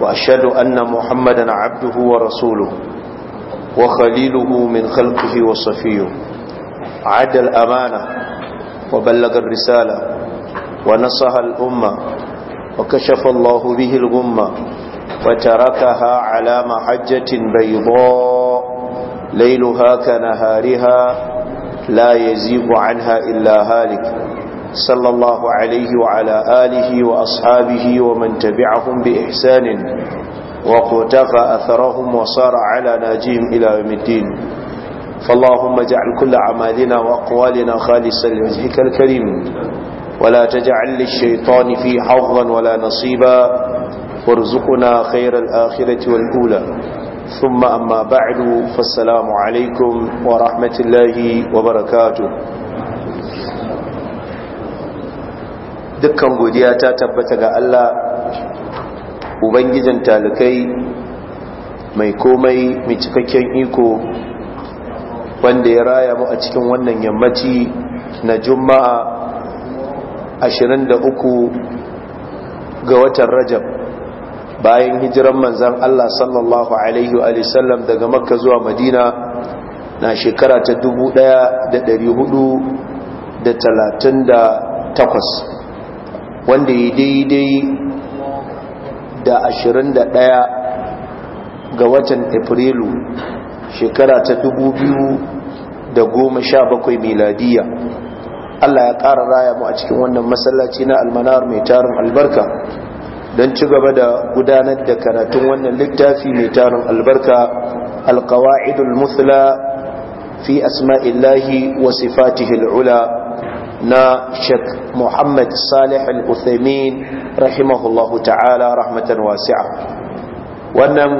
وأشهد أن محمدا عبده ورسوله وخليله من خلقه وصفيه عد الأمانة وبلغ الرسالة ونصها الأمة وكشف الله به الغمة وتركها على محجة بيضاء ليلها كنهارها لا يزيب عنها إلا هالك صلى الله عليه وعلى آله وأصحابه ومن تبعهم بإحسان وقتفى أثرهم وصار على ناجيهم إلى يوم الدين فاللهم اجعل كل عمالنا وأقوالنا خالصا لوجهك الكريم ولا تجعل للشيطان في حظا ولا نصيبا وارزقنا خير الآخرة والأولى ثم أما بعد فالسلام عليكم ورحمة الله وبركاته dukkan godiya ta tabbata ga Allah ubangijin talikai mai komai mai cikakken iko wanda ya raya mu a cikin wannan yammaci na juma'a 23 ga watan rajab bayan hijiran manzan Allah sallallahu alaihi wa sallam daga makka zuwa madina na shekara ta takwas. wanda ya daidai da 21 ga watan afrilu shekara ta 2017 miladiya Allah ya ƙara raya mu a cikin wannan masallaci na almanar mai tarin albarka don ci gaba da gudanar da karatun wannan littafi mai tarin albarka alkawa'idul musula fi asma'illahi wa sifatihil ula na Sheikh Muhammad Salih Al-Uthaymeen rahimahullahu ta'ala rahmatan wasi'a wannan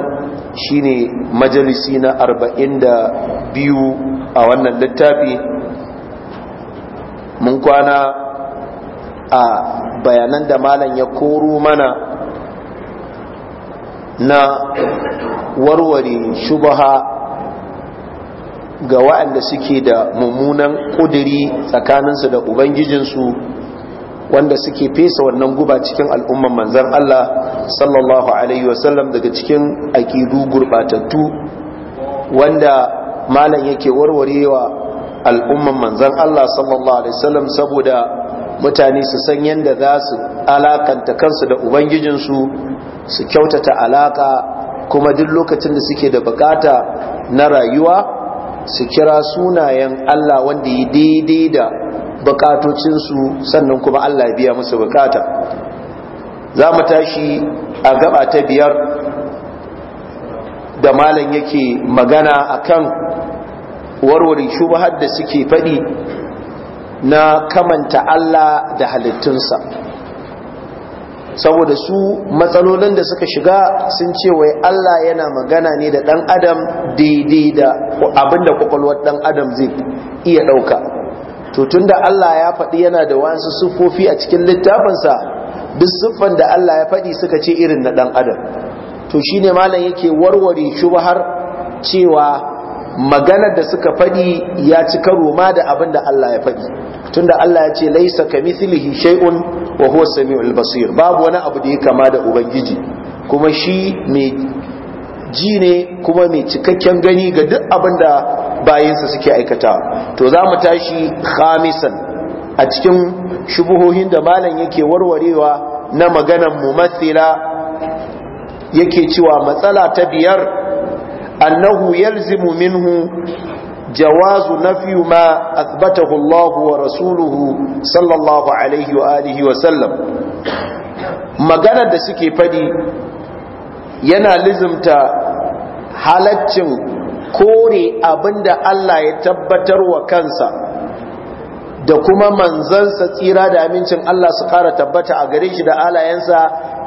shine majalisi na 42 a wannan littafi mun kwana a bayanan da malam ya koro mana na warware shubaha ga waɗanda suke da mummunan ƙudiri tsakaninsu da ubangijinsu wanda suke fesa wannan guba cikin al'umman manzan Allah sallallahu alaihi wasallam daga cikin aƙidu gurɓatattu wanda malam yake warwarewa al'umman manzan Allah sallallahu alaihi wasallam saboda mutane su san yadda za su alakanta kansu da ubangijinsu su kyautata alaka kuma duk lokacin da suke da bukata na rayuwa su kira sunayen Allah wanda yi daidai da bukatocinsu sannan kuma Allah biya musu bukata za mu tashi a gaba ta biyar da malam yake magana akan warware shubahar da suke faɗi na kamanta Allah da halittunsa saboda su matsalolin da suka shiga sun ce wai Allah yana magana ne da ɗan adam daidai da abinda kwakwalwar ɗan adam zai iya ɗauka to tunda Allah ya faɗi yana da wasu siffofi a cikin littafinsa duk siffan da Allah ya faɗi suka ce irin na ɗan adam to shi ne malam yake warware har cewa maganar da suka faɗi ya ci karo ma da abin da Allah ya faɗi tunda Allah ya ce laisa kamithlihi shay'un wa huwa samiul basir babu wani abu da ya kama da ubangiji kuma shi mai ji ne kuma mai cikakken gani ga duk abin da bayansa suke aikata to za mu tashi khamisan a cikin shubuhohin da malam yake warwarewa na maganan mumathila yake cewa matsala ta biyar annahu yalzimu minhu جواز نفي ما أثبته الله ورسوله صلى الله عليه وآله وسلم maganar da suke faɗi yana lizimta halaccin kore abinda Allah ya tabbatar wa kansa da kuma manzansa tsira da amincin Allah su ƙara tabbata a gare shi da alayensa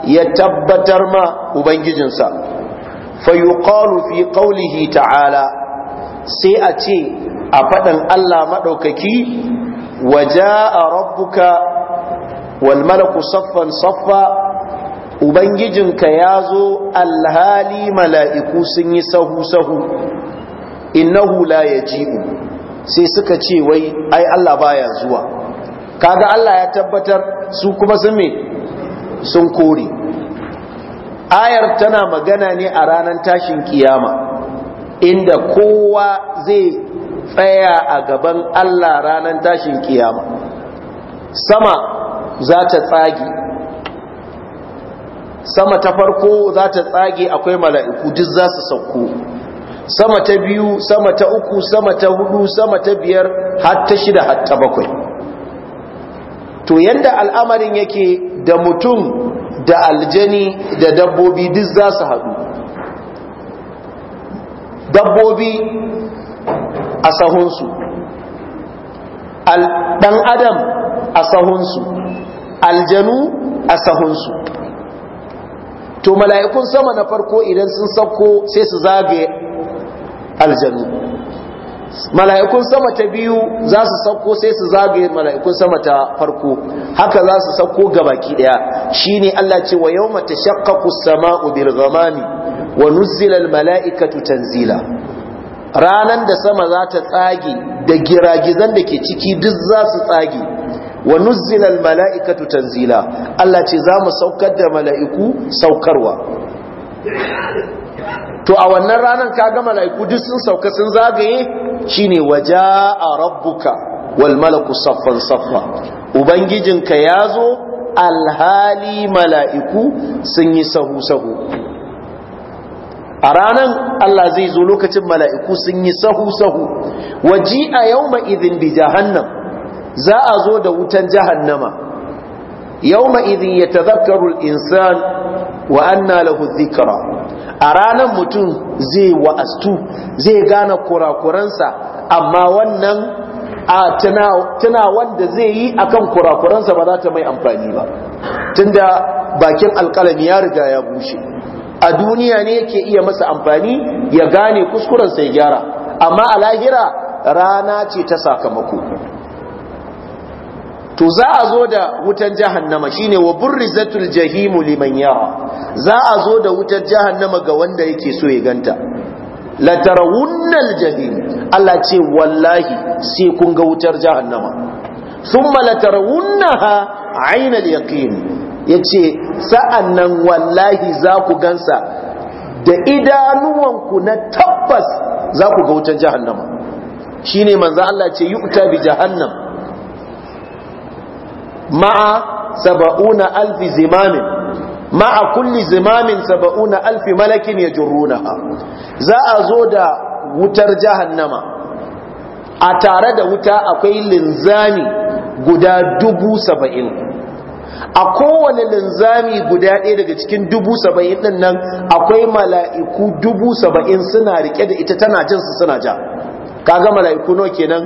ya tabbatar ma ubangijinsa fa yuqalu fi qawlihi ta'ala sai a ce a faɗin Allah maɗaukaki waja a rabbuka wal malaku saffan saffa ubangijinka ya zo alhali mala'iku sun yi sahu-sahu innahu la ya ji'u sai suka ce wai ai Allah baya zuwa kaga Allah ya tabbatar su kuma sun me sun kore ayar tana magana ne a ranar tashin kiyama inda kowa zai tsaya a gaban Allah ranar tashin kiyama sama za ta tsage sama ta farko za ta tsage akwai mala'iku duk za su sauko sama ta biyu sama ta uku sama ta hudu sama ta biyar har shida har bakwai to yanda al'amarin yake da mutum da aljani da dabbobi duk za su haɗu dabbobi a sahunsu ɗan adam a sahunsu aljanu a sahunsu to mala'ikun sama na farko idan sun sauko sai su zagaye aljanu mala'ikun sama ta biyu za su sauko sai su zagaye mala'ikun sama ta farko haka za su sauko gabaki daya shi Allah ce wa yau mata shakka kusa ma’ubir zamani wa nuzzilal mala'ikatu tanzila ranan da sama za ta tsage da giragizan da ke ciki duk za su tsage wa nuzzilal mala'ikatu tanzila Allah ce za mu saukar da mala'iku saukarwa to a wannan ranar ga mala'iku duk sun sauka sun zagaye shine waja'a rabbuka wal malaku saffan saffa ubangijinka yazo alhali mala'iku sun yi sahu sahu a ranan Allah zai zo lokacin mala'iku sun yi sahu-sahu waji a yau ma'izin bi jahannam za a zo da wutan jahannama yau ma'izin ya tazakarul insan wa anna lahu zikara a ranan mutum zai wa'astu zai gane kurakuransa amma wannan a tana wanda zai yi akan kurakuransa ba za ta mai amfani ba tunda bakin alkalami ya riga ya bushe a duniya ne yake iya masa amfani ya gane kuskurensa ya gyara amma a lahira rana ce ta sakamako to za a zo da wutan jahannama shine wa burrizatul jahimu liman yara za a zo da wutar jahannama ga wanda yake so ya ganta la tarawunnal jahim Allah ce wallahi sai kun ga wutar jahannama thumma la tarawunnaha aynal yaqin ya ce sa'an nan wallahi za ku gansa da idanuwanku na tabbas za ku ga wutar jahannama shi ne manzan Allah ce yi bi jahannam ma'a saba'una alfi zimamin ma'a kulli zimamin saba'una alfi malakin ya jirruna za a zo da wutar jahannama a tare da wuta akwai linzani guda dubu saba'in a kowane linzami guda ɗaya daga cikin dubu saba'in ɗin nan akwai mala'iku dubu saba'in suna rike da ita tana jin su suna ja kaga mala'iku nawa kenan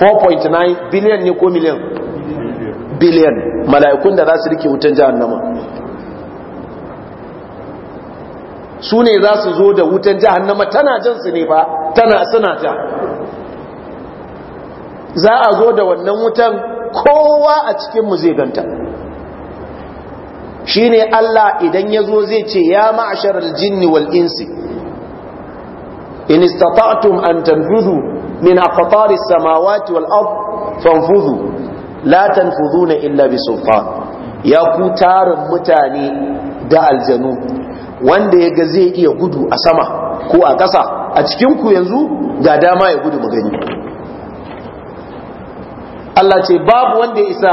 4.9 biliyan ne ko miliyan biliyan mala'ikun da za su rike wutan jahannama su ne za su zo da wutan jahannama tana jin su ne ba tana suna ja za a zo da wannan wutan kowa a cikinmu zai ganta shi ne Allah idan ya zo zai ce ya ma'asharar jinni wal insi in istata'tum an tanfudu min aqtari samawati wal ard fanfudu la tanfuduna illa bi sultan ya ku tarin mutane da aljanu wanda ya ga zai iya gudu a sama ko a ƙasa a cikin ku yanzu ga dama ya gudu magani Allah ce babu wanda isa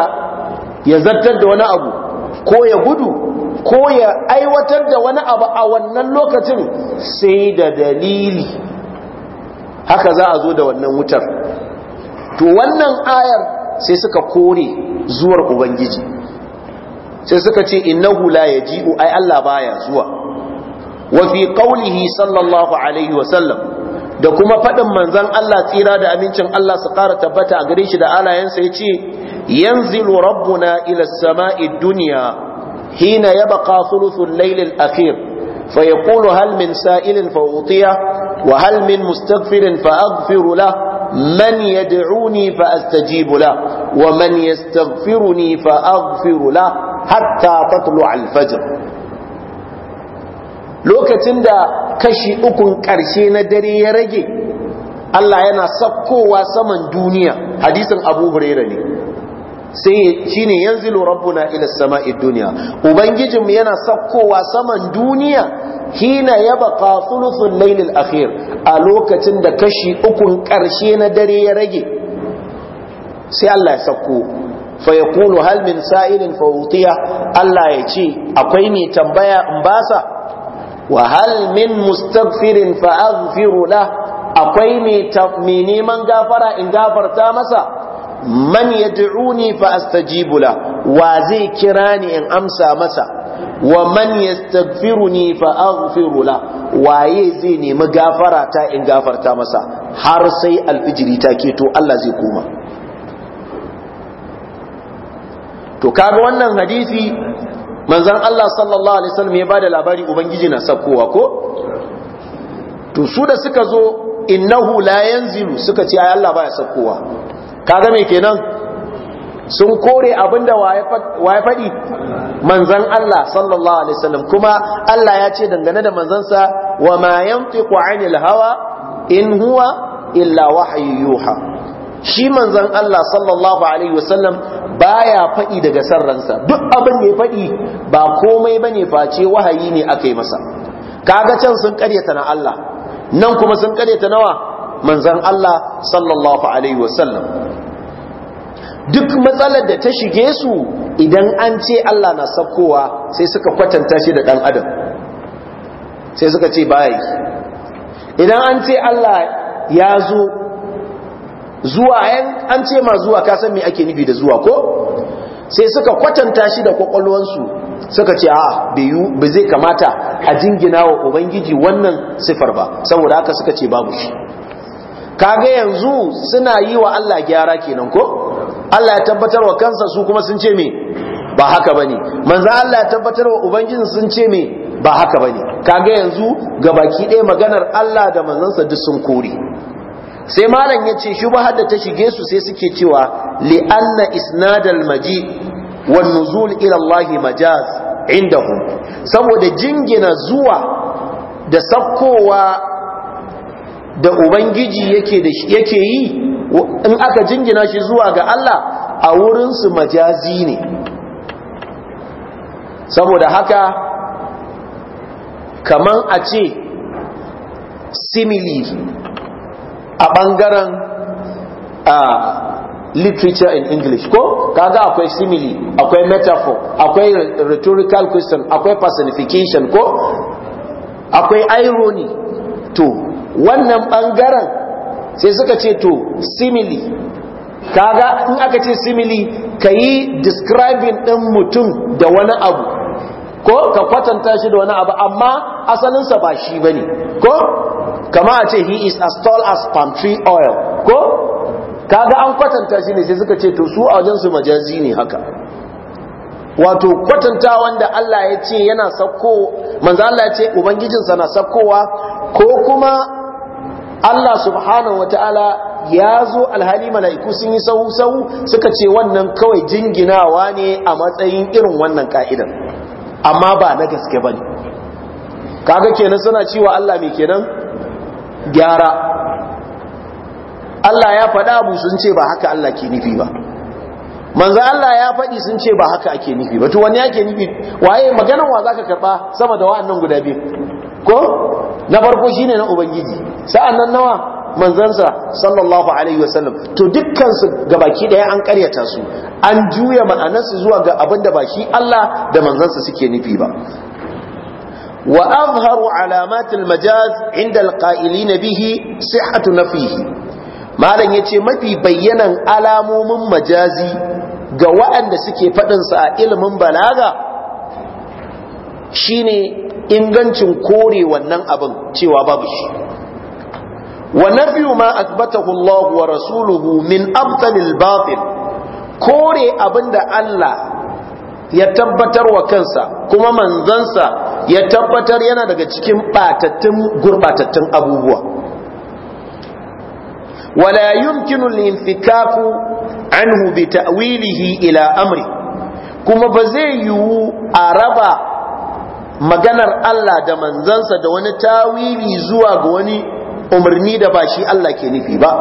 ya zartar da wani abu ko ya gudu ko ya aiwatar da wani abu a wannan lokacin sai da dalili haka za a zo da wannan wutar to wannan ayar sai suka kore zuwar ubangiji sai suka ce inna hula ya yaji'u ai Allah baya zuwa Wafi fi qawlihi sallallahu alaihi wa sallam da kuma faɗin manzan Allah tsira da amincin Allah su ƙara tabbata a gare shi da alayensa ya ce yanzilu rabbuna ila sama'i duniya hina ya baka sulusun lailin akhir fa yaqulu hal min sa'ilin fa utiya wa hal min mustaghfirin fa aghfiru la man yad'uni fa astajibu la wa man yastaghfiruni fa aghfiru la hatta tatlu al-fajr lokacin da kashi ukun ƙarshe na dare ya rage Allah yana sakkowa saman duniya hadisin abu hurera ne sai shine ne yanzu rabbuna ila sama'i duniya ubangijinmu yana sakkowa saman duniya hina ya baka sulusun lailil akhir a lokacin da kashi ukun ƙarshe na dare ya rage sai Allah ya sakko fa kulu hal min sa'ilin fa Allah ya ce akwai mai tambaya in basa wa hal min mustaghfirin fa aghfiru lah akwai mai neman gafara in gafarta masa man yad'uni fa astajibu la wa zai kira ni in amsa masa wa man yastaghfiruni fa aghfiru la waye zai nemi gafara ta in gafarta masa har sai alfijiri ta keto Allah zai koma to kaga wannan hadisi manzan Allah sallallahu alaihi wasallam ya bada labari ubangiji na sakkowa ko to su da suka zo innahu la yanzilu suka ce ayi Allah baya sakkowa kaga me kenan sun kore abinda waye faɗi manzan Allah sallallahu alaihi wasallam kuma Allah ya ce dangane da manzansa wa ma yantiqu anil hawa in huwa illa wahayi yuha shi manzan Allah sallallahu alaihi wasallam baya faɗi daga san ransa duk abin da ya faɗi ba komai bane face wahayi ne aka yi masa kaga can sun karyata na Allah nan kuma sun karyata nawa manzon Allah sallallahu alaihi wasallam duk matsalar da ta shige su idan an ce Allah na saukowa sai suka kwatanta shi da dan adam sai suka ce baya idan an ce Allah ya zo zuwa an ce ma zuwa ka san me ake nufi da zuwa ko sai suka kwatanta shi da kwakwalwansu suka ce a ba zai kamata a jingina wa ubangiji wannan sifar ba saboda haka suka ce babu shi kaga yanzu suna yi wa Allah gyara kenan ko Allah ya tabbatar wa kansa su kuma sun ce me ba haka bane manzo Allah ya tabbatar wa ubangiji sun ce me ba haka bane kaga yanzu gabaki ɗaya maganar Allah da manzansa duk sun kore sai malam ya ce shubahar da ta shige su sai suke cewa li'anna isnadal maji wa nuzul ila Allah majaz indahum saboda jingina zuwa da sakkowa da ubangiji yake da yake yi in aka jingina shi zuwa ga Allah a wurin su majazi ne saboda haka kaman a ce simili a ɓangaren literature in english ko kaga akwai simile akwai metaphor akwai rhetorical question akwai personification ko akwai irony to wannan ɓangaren sai suka ce to simili kaga in aka ce simile ka yi describing ɗin mutum da wani abu ko ka kwatanta shi da wani abu amma asalinsa ba shi ba ko kama a ce he is as tall as palm tree oil ko kaga an kwatanta shi ne sai suka ce to su a wajen su majazi ne haka wato kwatanta wanda Allah ya ce yana sakko manzo Allah ya ce ubangijinsa na sakkowa ko kuma Allah subhanahu wataala ya zo alhali mala'iku sun yi sahu-sahu suka ce wannan kawai jinginawa ne a matsayin irin wannan ka'idan amma ba na gaske ba ne kaga kenan suna cewa Allah mai kenan gyara Allah ya faɗa abu sun ce ba haka Allah ke nufi ba manzo Allah ya faɗi sun ce ba haka ake nufi ba to wani yake nufi waye maganar wa zaka karba sama da wa'annan guda biyu ko na farko shine na ubangiji sa'annan nan nawa manzansa sallallahu alaihi wasallam to dukkan su gabaki daya an karyata su an juya ma'anarsu zuwa ga abinda ba shi Allah da manzansa suke nufi ba Wa وأظهر علامات المجاز عند القائلين به صحة نفيه malam ya ce mafi bayyanan alamomin majazi ga waɗanda suke faɗinsa a ilimin balaga shine ingancin kore wannan abin cewa babu shi ma asbatahu Allah wa rasuluhu min abtalil batil kore abinda Allah ya tabbatar wa kansa kuma manzansa ya tabbatar yana daga cikin batattun gurbatattun abubuwa wala yumkinu al-infikafu anhu bi ta'wilihi ila amri kuma ba zai yiwu a raba maganar Allah da manzansa da wani tawili zuwa ga wani umarni da ba shi Allah ke nufi ba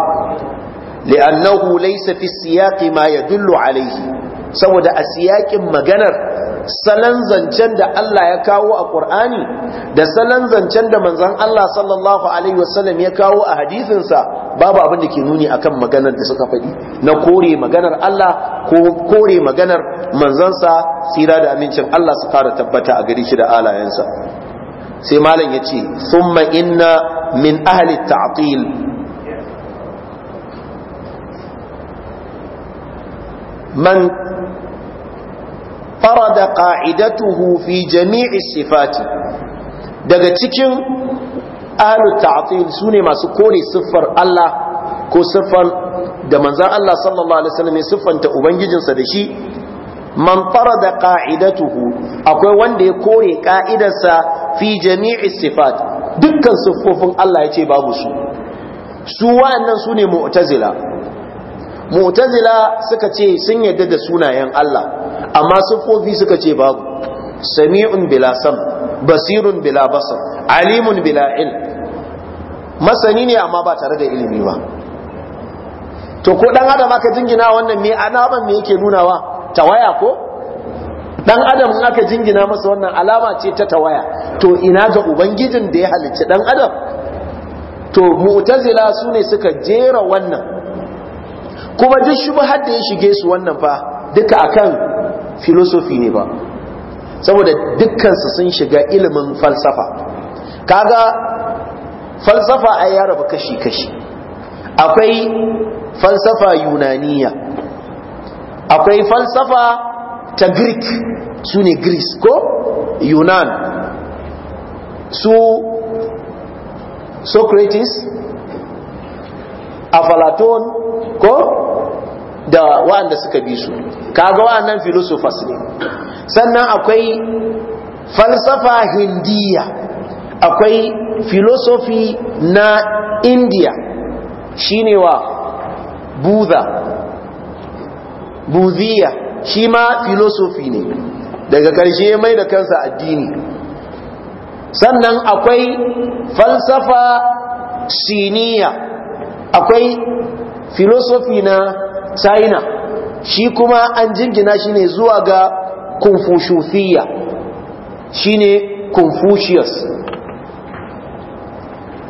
li'annahu laysa fi siyaqi ma yadullu alayhi saboda a siyakin maganar salon zancen da Allah ya kawo a Qur'ani da salon zancen da manzon Allah sallallahu alaihi wasallam ya kawo a hadisinsa babu abin da ke nuni akan maganar da suka faɗi na kore maganar Allah ko kore maganar manzansa tsira da amincin Allah su fara tabbata a gari shi da alayensa sai malam ya ce summa inna min ahli ta'til man farada qa'idatuhu fi jami'i sifati daga cikin ahlut ta'til sune masu kore siffar Allah ko siffar da manzon Allah sallallahu alaihi wasallam ya siffanta ubangijinsa da shi man farada qa'idatuhu akwai wanda ya kore ka'idarsa fi jami'i sifat dukkan siffofin Allah ya ce babu su su wa'annan sune mu'tazila mu'tazila suka ce sun yadda da sunayen Allah amma sufofi suka ce babu sami'un bila sam basirun bila basar alimun bila il masani ne amma ba tare da ilimi ba to ko dan adam aka jingina wannan me alaman me yake nunawa tawaya ko dan adam in aka jingina masa wannan alama ce ta tawaya to ina ga ubangijin da ya halicci dan adam to mu'tazila su ne suka jera wannan kuma duk shubhar da ya shige su wannan fa duka akan Filosofi ne ba saboda dukkansu sun shiga ilimin falsafa kaga falsafa ai ya raba kashi-kashi akwai falsafa yunaniya akwai falsafa ta greek su ne greece ko yunan su socrates afalaton ko da waɗanda suka bi su kaga wannan philosophers ne sannan akwai falsafa hindiya akwai philosophy na india shine wa buddha buddhiya shi ma philosophy ne daga karshe mai da kansa addini sannan akwai falsafa siniya akwai philosophy na china shi kuma an jingina shi ne zuwa ga confucius shi ne confucius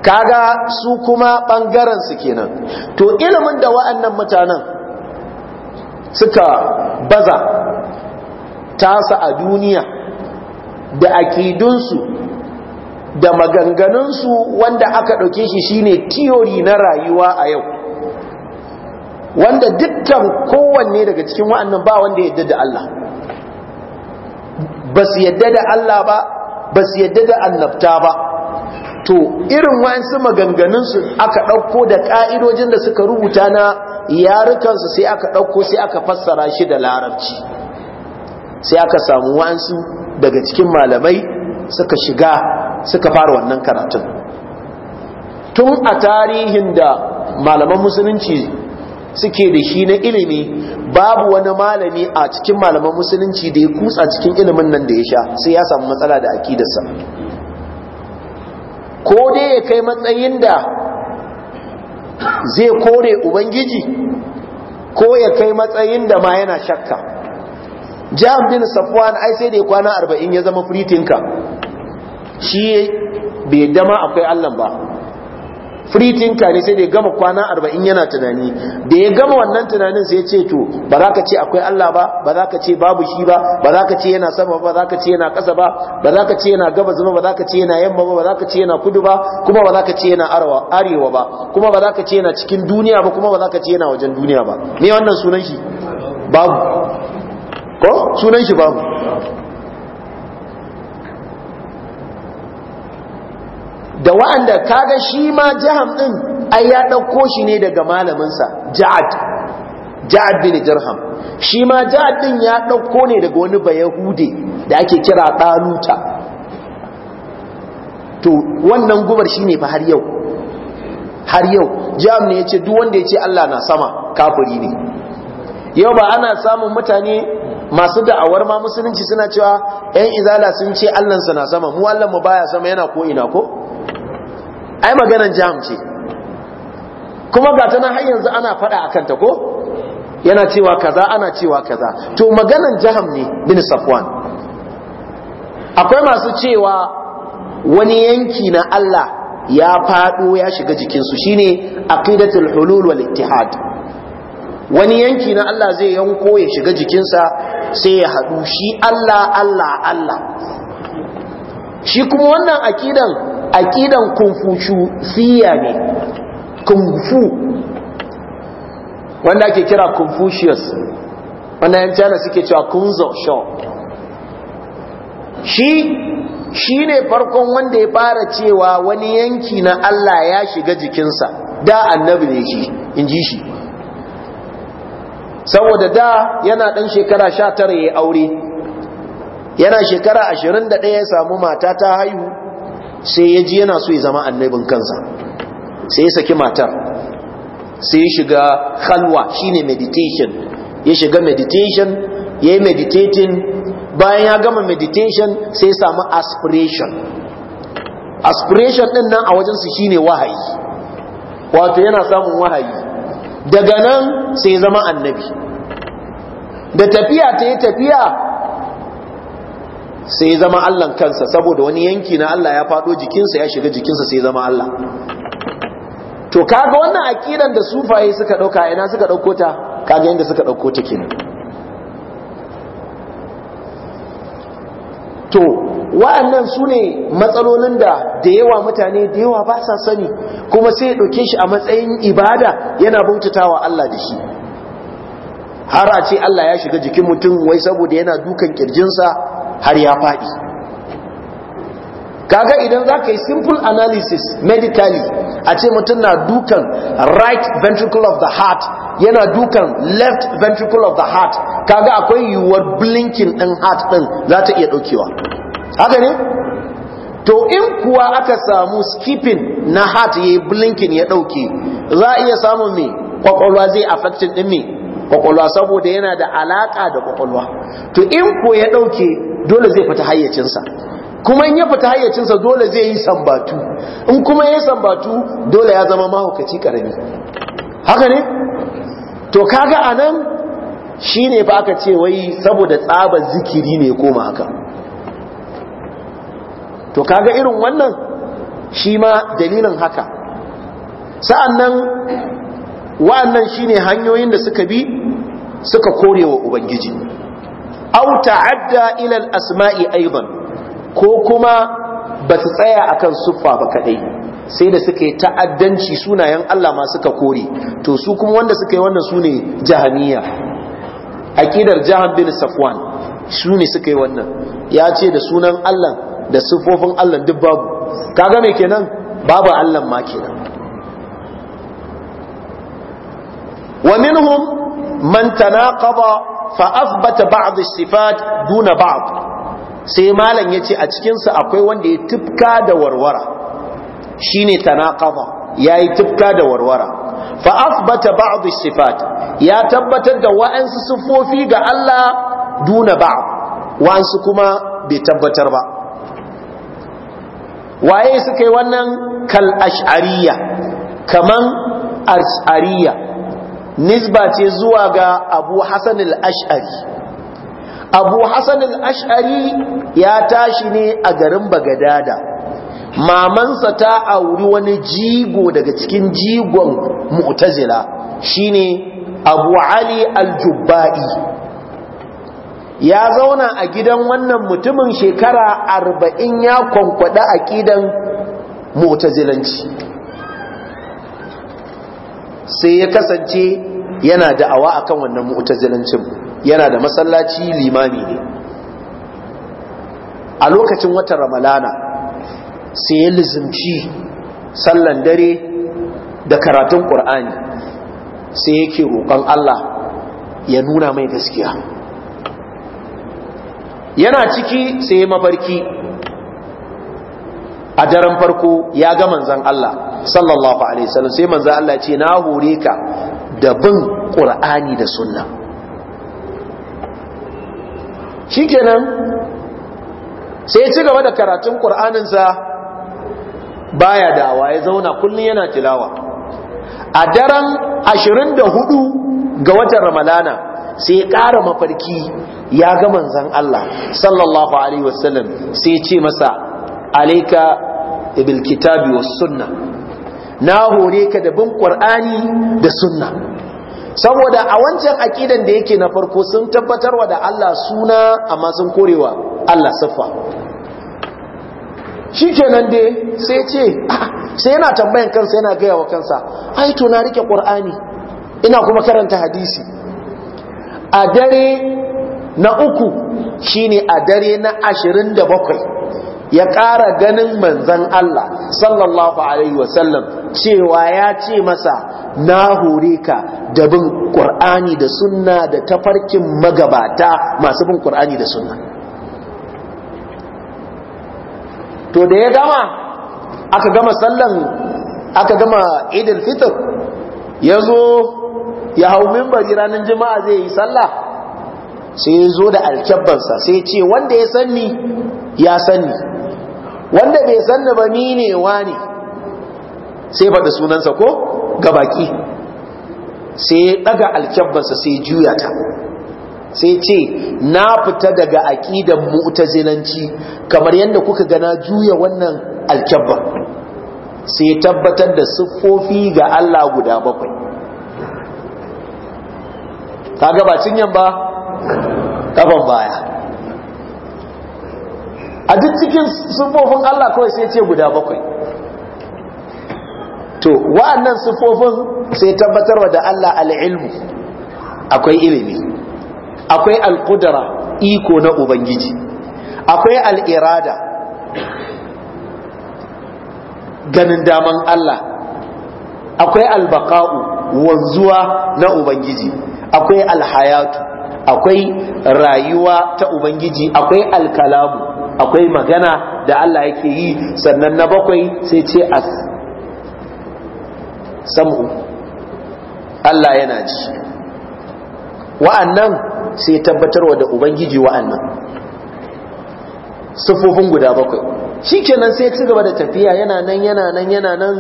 kaga su kuma ɓangaren ɓangarensu kenan to ilimin da wa'annan mutanen suka baza tasa a duniya da akidunsu da maganganunsu wanda aka ɗauke shi shine tiyori na rayuwa a yau wanda dukkan kowanne daga cikin wa'annan ba wanda ya yadda da Allah ba su yadda da Allah ba ba su yadda da annabta ba to irin wa'ansu maganganunsu aka ɗauko da ƙa'idojin da suka rubuta na yarukansu sai aka ɗauko sai aka fassara shi da larabci sai aka samu wa'ansu daga cikin malamai suka shiga suka fara wannan karatun tun a tarihin da malaman musulunci suke da shi na ilimi babu wani malami a cikin malaman musulunci da ya kutsa cikin ilimin nan da ya sha sai ya samu matsala da akidarsa ko dai ya kai matsayin da zai kore ubangiji ko ya kai matsayin da ma yana shakka Jam bin safwan ai sai da ya kwana arba'in ya zama fritinka shi bai dama akwai allah ba free thinker ne sai da ya gama kwana arba'in yana tunani da ya gama wannan tunanin sai ya ce to ba za ka ce akwai Allah ba ba za ka ce babu shi ba ba za ka ce yana sama ba za ka ce yana ƙasa ba ba za ka ce yana gabas ba ba za ka ce yana yamma ba ba za ka ce yana kudu ba kuma ba za ka ce yana arewa ba kuma ba za ka ce yana cikin duniya ba kuma ba za ka ce yana wajen duniya ba me wannan sunan shi babu ko sunan shi babu da wa'anda kaga shi ma jaham din ai ya ɗauko shi ne daga malaminsa ja'ad ja'ad bin dirham shi ma ja'ad din ya ɗauko ne daga wani bayahude da ake kira daluta to wannan gubar shi ne fa har yau har yau ne ya ce duk wanda ya ce Allah na sama kafiri ne yau ba ana samun mutane masu da'awar ma musulunci suna cewa 'yan izala sun ce allansa na sama mu allan mu baya sama yana ko ina ko ai maganar jam ce kuma ga ta nan har yanzu ana faɗa a kanta ko yana cewa kaza ana cewa kaza to maganan jaham ne bin safwan akwai masu cewa wani yanki na Allah ya faɗo ya shiga jikinsu shine aqidatul hulul wal ittihad wani yanki na Allah zai yanko ya shiga jikinsa sai ya haɗu shi Allah Allah Allah shi kuma wannan akidan aqidan siya ne kungfu wanda ake kira confucius wanda yan china suke cewa kunzo sho shi shi ne farkon wanda ya fara cewa wani yanki na Allah ya shiga jikinsa da annabi ne shi in ji shi saboda da yana ɗan shekara sha tara ya aure yana shekara ashirin da ɗaya ya samu mata ta haihu sai ya ji yana so ya zama annabin kansa sai ya saki matar sai ya shiga khalwa shine meditation ya shiga meditation ya yi meditating bayan ya gama meditation sai ya samu aspiration aspiration ɗin nan a wajen su shine wahayi wato yana samun wahayi daga nan sai ya zama annabi da tafiya ta yi tafiya sai zama Allahn kansa saboda wani yanki na Allah ya fado jikinsa ya shiga jikinsa sai zama Allah to kaga wannan aqidan da sufaye suka dauka ina suka dauko ta kaga yanda suka dauko ta kenan to wa'annan sune matsalolin da da yawa mutane da yawa ba sa sani kuma sai ya shi a matsayin ibada yana bautatawa Allah da shi har a ce Allah ya shiga jikin mutum wai saboda yana dukan kirjinsa har ya faɗi kaga idan za ka yi simple analysis medically a ce mutum na dukan right ventricle of the heart yana dukan left ventricle of the heart kaga akwai yiwuwar blinking ɗin heart ɗin za ta iya ɗaukewa haka ne to in kuwa aka samu skipping na heart ya yi blinking ya ɗauke za a iya samun mai kwakwalwa zai affecting ɗin mai kwakwalwa saboda yana da alaka da kwakwalwa to in ko ya dauke dole zai fita hayyacinsa kuma in ya fita hayyacinsa dole zai yi sambatu in kuma ya sambatu dole ya zama mahaukaci karami haka ne to kaga anan shine ba ka ce wai saboda tsabar zikiri ne koma haka to kaga irin wannan shi ma dalilin haka sa'annan wa'annan shine hanyoyin da suka bi suka kore wa ubangiji au ta'adda ila al-asma'i aidan ko kuma ba su tsaya akan siffa ba kadai sai da suka yi ta'addanci sunayen Allah ma suka kore to su kuma wanda suka yi wannan sune jahaniya aqidar jahan bin safwan su suka yi wannan ya ce da sunan Allah da siffofin Allah duk babu kaga me kenan babu Allah ma kenan wa minhum man tanaqaba fa athbata ba'd as-sifat duna ba'd sai malam yace a cikin su akwai wanda ya tufka da warwara shine tanaqaba yayi tufka da warwara fa athbata ba'd as-sifat ya tabbatar da wa'ansu sifofi ga Allah duna ba'd wa'ansu kuma bai tabbatar ba waye suka yi wannan kal ash'ariyya kaman ash'ariyya nisba ce zuwa ga abu hassan al'ash'ari abu hassan al'ash'ari ya tashi ne a garin bagadada mamansa ta auri wani jigo daga cikin jigon mu'tazila shine abu ali al-jubba'i ya zauna a gidan wannan mutumin shekara arba'in ya kwankwada a aƙidan mu'tazilanci sai ya kasance yana da'awa kan wannan mu'tazilancin yana da masallaci limami ne a lokacin watan ramalana sai ya lizimci sallan dare da karatun ƙur'ani sai yake roƙon Allah ya nuna mai gaskiya yana ciki sai mafarki a daren farko ya ga manzan Allah sallallahu alaihi wasallam sai manzan Allah ce na hore ka da bin qur'ani da sunna shikenan sai ya ci gaba da karatun sa baya dawa ya zauna kullun yana tilawa a daren 24 ga watan ramadana sai ƙara mafarki ya ga manzan Allah sallallahu alaihi wasallam sai ya ce masa alaika ibil kitabi wa sunna na hore ka da bin qur'ani da sunna saboda a wancan aqidan da yake na farko sun tabbatarwa da Allah suna amma sun korewa Allah siffa shikenan dai sai ce ah, sai yana tambayan kansa yana gaya wa kansa ai to na rike qur'ani ina kuma karanta hadisi a dare na uku shine a dare na ashirin da bakwai ya ƙara ganin manzan Allah sallallahu alaihi wasallam cewa ya ce masa na hore ka da bin ƙur'ani da sunna da tafarkin magabata masu bin ƙur'ani da sunna to da ya gama aka gama sallan aka gama idil fitr ya zo ya hau mimbari ranar jima'a zai yi sallah sai ya zo da alkyabbansa sai ce wanda ya sanni ya sanni wanda bai sanna ba ni ne wani sai da sunansa ko ga baki sai ya daga alkyabbansa sai juya ta sai ce na fita daga aƙidan mu'tazilanci kamar yadda kuka gana juya wannan alkyabba sai tabbatar da siffofi ga Allah guda bakwai kaga ba cinyan ba kafan baya a duk cikin sufofin Allah kawai sai ce guda bakwai to wa'annan sufofin sai tabbatarwa da Allah al'ilmu akwai ilimi akwai al'udara iko na ubangiji akwai al'irada ganin daman Allah akwai albaka'u wanzuwa na ubangiji akwai alhayatu akwai rayuwa ta ubangiji akwai alkalamu akwai magana da Allah yake yi sannan na bakwai sai ce a sam'u Allah yana ji wa'annan sai tabbatarwa da ubangiji wa'annan sufufin guda bakwai kenan sai ci gaba da tafiya yana nan yana nan yana nan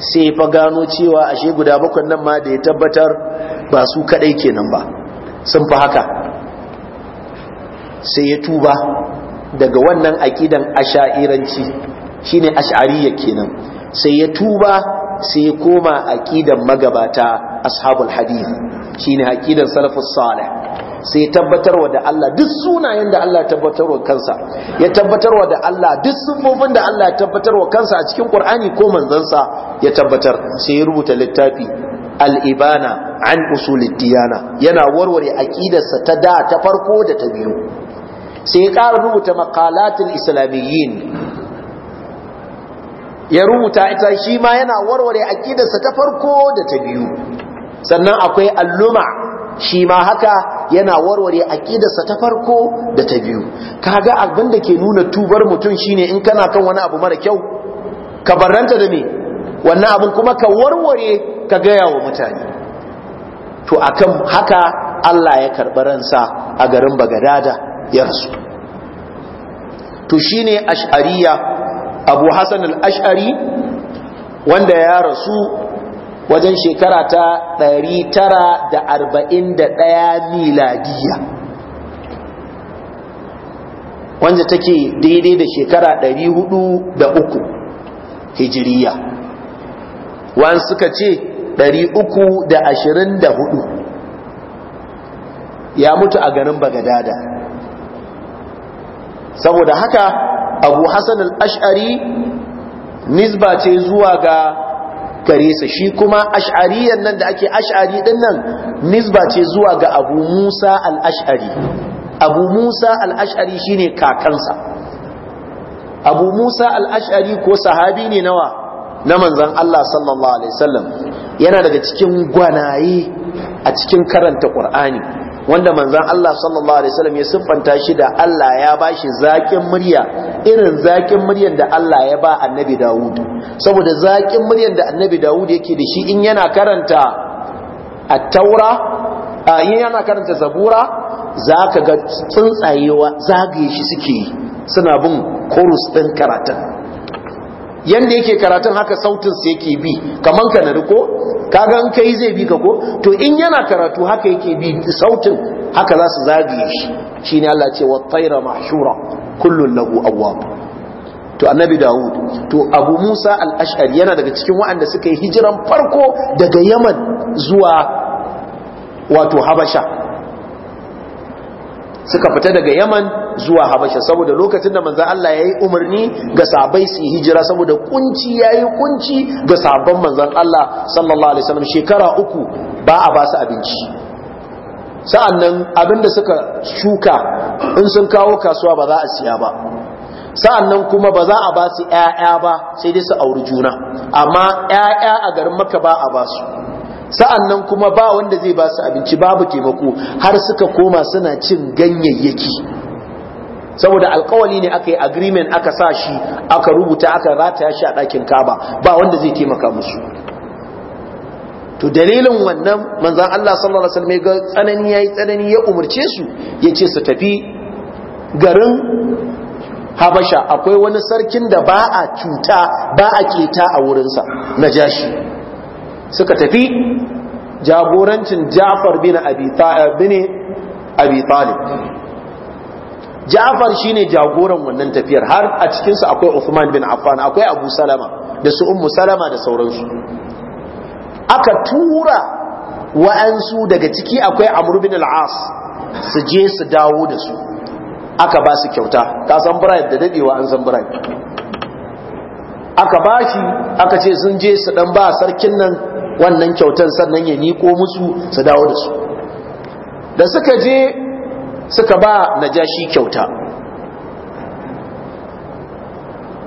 sai fa gano cewa ashe guda bakwai nan ma da ya tabbatar ba su kadai kenan ba sun fi haka sai ya tuba daga wannan aƙidan asha'iranci shine ash'ariya kenan sai ya tuba sai ya koma aƙidan magabata ashabul hadith shine aqidan salafus salih sai tabbatarwa da Allah duk sunayen da Allah tabbatarwa kansa ya tabbatarwa da Allah duk siffofin da Allah tabbatarwa kansa a cikin Qur'ani ko manzansa ya tabbatar sai ya rubuta littafi al-ibana an usulid diyana yana warware aqidarsa ta da ta farko da ta biyu sai ya ƙara rubuta makalatin islamiyyin ya rubuta ita shi ma yana warware aƙidarsa ta farko da ta biyu sannan akwai alluma shi ma haka yana warware aƙidarsa ta farko da ta biyu kaga abin da ke nuna tubar mutum shine in kana kan wani abu mara kyau ka barranta da me wannan abin kuma ka warware ka gaya wa mutane to akan haka Allah ya karɓi ransa a garin Bagadada ya rasu to ne ash'ariya abu hasan al-ash'ari wanda ya rasu wajen shekara ta 941 miladiya wanda take daidai da shekara 403 hijiriya wani suka ce 324 ya mutu a garin bagadada saboda haka abu hassan al-Ashari, nisba ce zuwa ga gare sa shi kuma ash'ariyan nan da ake ash'ari din nan nisba ce zuwa ga abu musa al'ash'ari abu musa al'ash'ari shine kakansa abu musa al'ash'ari ko sahabi ne nawa na manzan Allah sallallahu alaihi wasallam yana daga cikin gwanaye a cikin karanta ƙur'ani wanda manzan Allah sallallahu alaihi wasallam ya siffanta shi da Allah ya ba shi zaƙin murya irin zaƙin muryan da Allah ya ba annabi Dawud saboda zakin muryan da annabi Dawud yake da shi in yana karanta a taura in yana karanta zabura za ka ga tsuntsayewa zagaye shi suke suna bin chorus ɗin karatun yanda yake karatun haka sautin sa yake bi kaman ka nari ko kaga in kai zai bi ka ko to in yana karatu haka yake bi sautin haka za su zagaye shi shine Allah ce wa tayra mahshura kullun lahu awwab to annabi Da'ud, to Abu Musa al ashar yana daga cikin waɗanda suka yi hijiran farko daga Yaman zuwa wato Habasha suka fita daga yaman zuwa habasha saboda lokacin da manzan Allah ya yi umarni ga sabai su hijira saboda kunci ya yi kunci ga sabon manzan Allah sallallahu alaihi wasallam shekara uku ba a ba su abinci sa'annan abinda suka shuka in sun kawo kasuwa ba za a siya ba sa'annan kuma ba za a basu 'ya'ya ba sai dai su auri juna amma 'ya'ya a garin maka ba a basu. sa'annan kuma ba wanda zai ba su abinci babu taimako har suka koma suna cin ganyayyaki saboda alkawali ne aka yi agreement aka sa shi aka rubuta aka rataya shi a ɗakin kaba ba wanda zai taimaka musu to dalilin wannan manzan Allah sallallahu alaihi wasallam ya tsanani yayi tsanani ya umurce su ya ce su tafi garin Habasha akwai wani sarkin da ba a cuta ba a keta a wurinsa na najashi suka tafi jagorancin Ja'far eh, bin Abi Talib Ja'far shine jagoran wannan tafiyar har a cikin su akwai Uthman bin Affan akwai Abu Salama da su Ummu Salama da sauransu aka tura wa'ansu daga ciki akwai Amr bin al-As su je su dawo da su aka ba su kyauta ka san bribe da dadewa an san bribe aka bashi aka ce sun je su dan ba sarkin nan wannan kyautar sannan ya niko musu su dawo da su da suka je suka ba najashi kyauta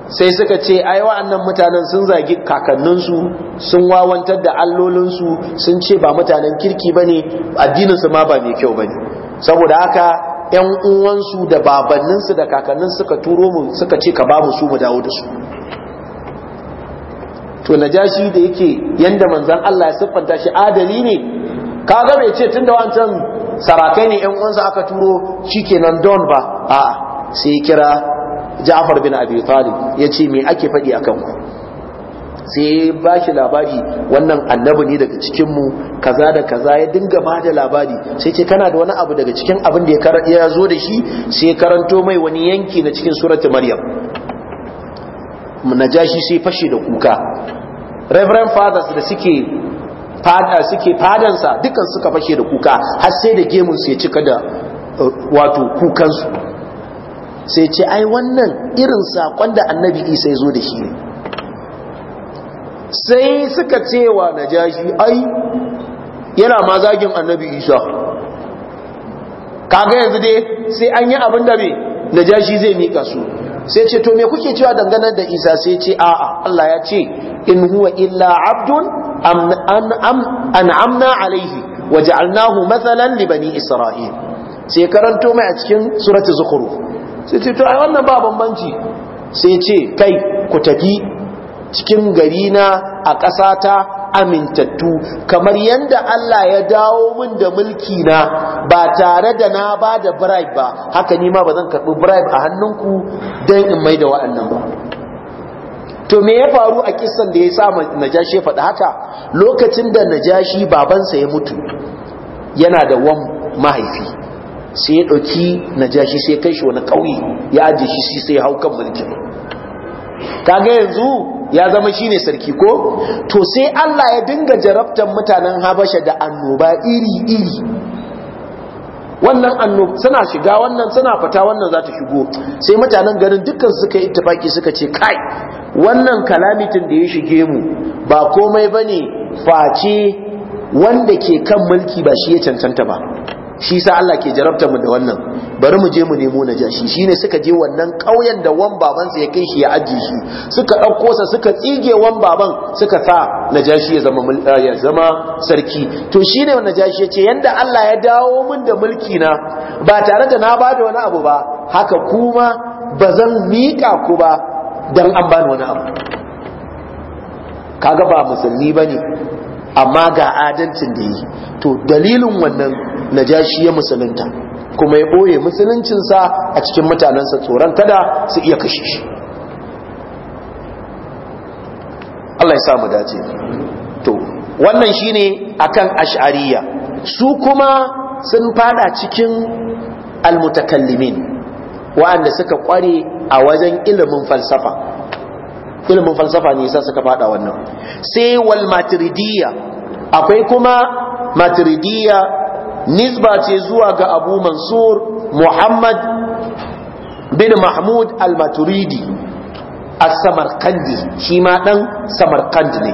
sai suka ce ai wa'annan mutanen sun zagi kakanninsu sun wawantar da allolinsu sun ce ba mutanen kirki bane addininsu ma ba mai kyau bane saboda haka yan uwansu da babanninsu da kakannin suka turo mu suka ce ka ba mu su mu dawo da su to najashi da yake yanda manzon Allah ya siffanta shi adali ne kaga bai ce tunda wancan sarakai ne yan uwansa aka turo shikenan don ba a'a sai ya kira Ja'far bin Abi Talib ce me ake faɗi a kanku sai ya ba shi labari wannan annabi ne daga cikinmu kaza da kaza ya dinga ba da labari sai ce kana da wani abu daga cikin abin da ya zo da shi sai ya karanto mai wani yanki na cikin surat maryam najashi sai fashe da kuka reverend fathers da suke fada suke fadansa dukan suka fashe da kuka har sai da gemun sai cika da uh, wato kukansu sai ce ai wannan irin sakon da annabi isa ya zo da shi sai suka cewa najashi ai yana ma zagin annabi isa kaga yanzu dai sai an yi abin da bai najashi zai mika su sai ce to me kuke cewa dangane da isa sai ce a'a Allah ya ce in huwa illa abdun Amna alaihi wa ja'alnahu mathalan li bani isra'il sai karanto mai a cikin surati zukhruf sai ce to ai wannan ba bambanci sai ce kai ku tafi cikin gari na a ƙasata amintattu kamar yadda Allah ya dawo min da mulki na ba tare da na ba da bribe ba haka ni ma ba zan karɓi bribe a hannunku don in mai da wa'annan ba to me ya faru a kisan da ya sa najashi faɗa haka lokacin da najashi babansa ya mutu yana da wan mahaifi sai ya ɗauki najashi sai kai shi wani ƙauye ya ajiye shi sai hau kan mulkin kaga yanzu ya zama shine sarki ko to sai Allah ya dinga jarabtar mutanen Habasha da annoba iri iri wannan annoba suna shiga wannan suna fata wannan za ta shigo sai mutanen ganin dukkan suka yi tafaki suka ce kai wannan kalamitin da ya shige mu ba komai bane face wanda ke kan mulki ba shi ya cancanta ba shi sa Allah ke jarabta mu da wannan bari mu je mu nemo najashi shine suka je wannan kauyen da wan baban sa ya kai shi ya ajiye shi suka ɗauko sa suka tsige wan baban suka sa najashi ya zama ya zama sarki to shine najashi ya ce yanda Allah ya dawo min da mulki na ba tare da na bada wani abu ba haka kuma bazan mika ku ba dan an bani wani abu kaga ba musulmi bane amma ga adalcin da yi to dalilin wannan na ja shi ya musulunta kuma ya ɓoye musuluncinsa a cikin mutanensa tsoron kada su iya kashe shi Allah ya samu dace to wannan shi shine akan ash'ariya su kuma sun fada cikin almutakallimin wa'anda suka kware a wajen ilimin falsafa ilimin falsafa ne yasa suka fada wannan sai wal akwai kuma maturidiyya nisba ce zuwa ga Abu Mansur Muhammad bin Mahmud al-Maturidi a samarkandi shi ma dan Samarkand ne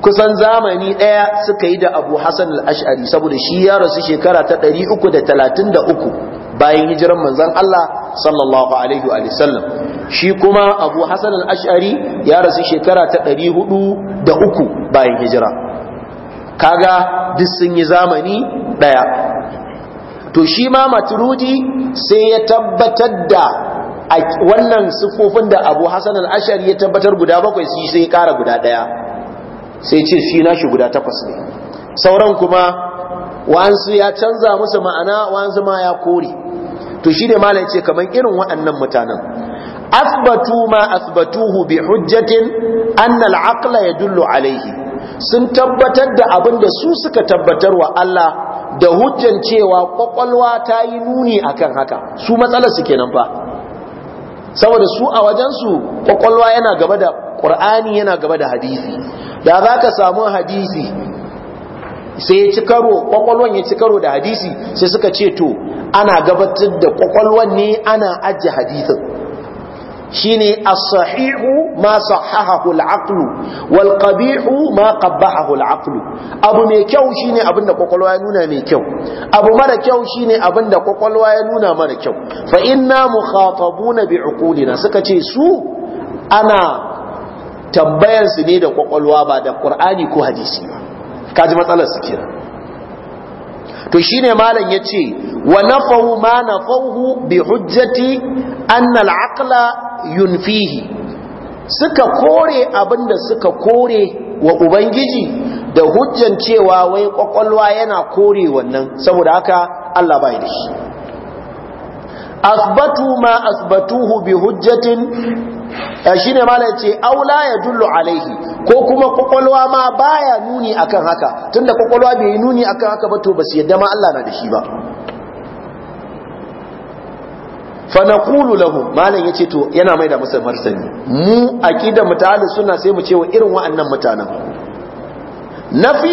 kusan zamani daya suka yi da Abu Hassan al-Ash'ari saboda shi ya rasu shekara ta 333 bayan hijiran manzon Allah sallallahu alaihi wa sallam shi kuma abu hasan al-ash'ari ya rasu shekara ta 403 bayan hijira kaga duk sun yi zamani daya to shi ma maturudi sai ya tabbatar da wannan siffofin da abu hasan al ya tabbatar guda bakwai shi sai ya kara guda daya sai ce shi nashi guda takwas ne sauran kuma wa'ansu ya canza musu ma'ana wa'ansu ma ya kore to shi ne malam ce kamar irin wa'annan mutanen asbatu ma asbatuhu bi hujjatin anna al-aqla yadullu alayhi sun tabbatar da abin da su suka tabbatar wa Allah da hujjan cewa kwakwalwa ta yi nuni akan haka su matsalar su kenan fa saboda su a wajen su kwakwalwa yana gaba da ƙur'ani yana gaba da hadisi da zaka samu hadisi sai ya ci karo kokolwan ya ci karo da hadisi sai suka ce to ana gabatar da kokolwan ne ana ajiye hadisin shine as-sahihu ma sahahahu al-aql wal qabihu ma qabbahahu al-aql abu mai kyau shine abinda kokolwa ya nuna mai kyau abu mara kyau shine abinda kokolwa ya nuna mara kyau fa inna mukhatabuna uqulina suka ce su ana tambayar su ne da kokolwa ba da qur'ani ko hadisi ba kaji matsalar su kenan to shine malam yace wa nafahu ma nafahu bi hujjati anna al-aqla yunfihi suka kore abinda suka kore wa ubangiji da hujjan cewa wai kwakwalwa yana kore wannan saboda haka Allah bai da shi asbatu ma asbatuhu bi hujjatin shine malai ce aula ya dullu alaihi ko kuma kwakwalwa ma baya nuni akan haka tunda kwakwalwa bai yi nuni akan haka ba to ba su yadda ma Allah na da shi ba fa kulu lahu malam ce to yana mai da musu martani mu aƙida mutane suna sai mu cewa irin wa'annan mutanen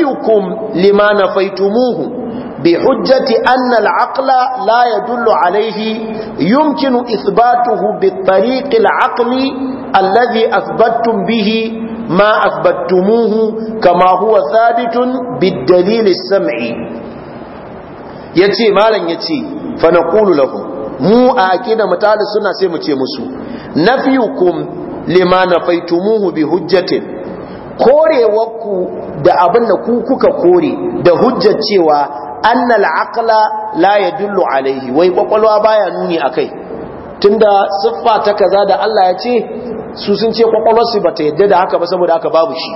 hukum lima annal akla la ya dullu alaihi yumkinu isbatuhu bi بالطريق akli alladhi asbatun bihi. ما أثبتموه كما هو ثابت بالدليل السمعي يتي مالا يتي فنقول لهم مو أكيد متعال السنة سيمتي مسو نفيكم لما نفيتموه بهجة كوري وكو da abin da ku kuka kore da hujjar cewa annal aqla la yadullu alaihi wai kwakwalwa baya nuni akai tunda siffa ta kaza da Allah ya ce su sun ce kwakwalwarsu ba ta yadda da haka ba saboda haka babu shi